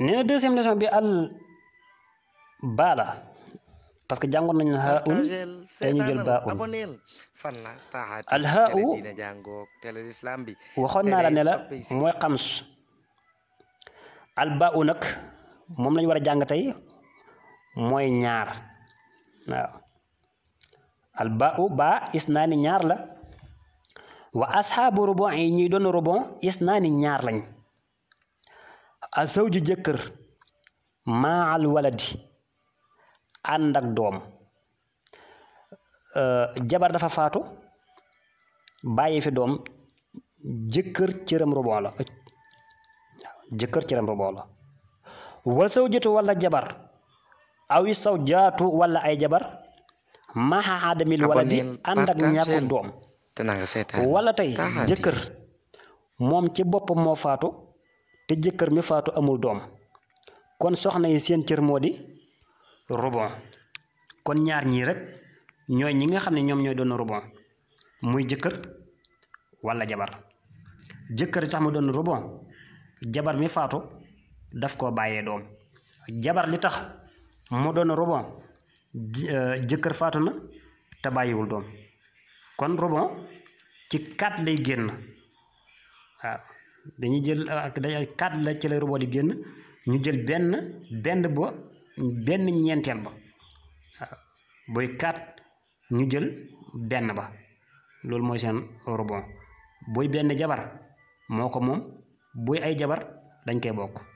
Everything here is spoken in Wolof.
nee na deuxième nation bi al baala parce que jàngoon nañu ha un tey al ha u waxoon naa la ne la mooy xams al ba u nag moom lañu war a jàng tey mooy ñaar waaw al ba u ba isnaani ñaar la wa asxaabu rubon yi ñuy doon rubon isnaani ñaar lañ azawju jëkkër maa al di ànd doom euh, jabar dafa faatu bàyyi fi doom jëkkër cëram rubon la jëkkër cëram rubon wala jabar awi jaatu wala ay jabar maxa aadamil waladi ànd ak ñàkku doom wala tey jëkkër moom ci boppam moo faatu te jëkkër mi faatu amul doom kon soxna yi seen cër moo di rubon kon ñaar ñii rek ñooy ñi nga xam ne ñoom ñooy doon rubon muy jëkkër walla jabar jëkkër li tax mu doon rubon jabar mi faatu daf koo bàyyee doom jabar li tax mu doon rubon euh, jëkkër faatu na te bàyyiwul doom kon rubon ci kat lay génn waaw dañuy jël ak day quatre la ci la robot di génn ñu jël benn benn ba benn ñeenteel ba waaw booy ñu jël benn ba loolu mooy seen robot booy benn jabar moo ko moom booy ay jabar dañ koy bokk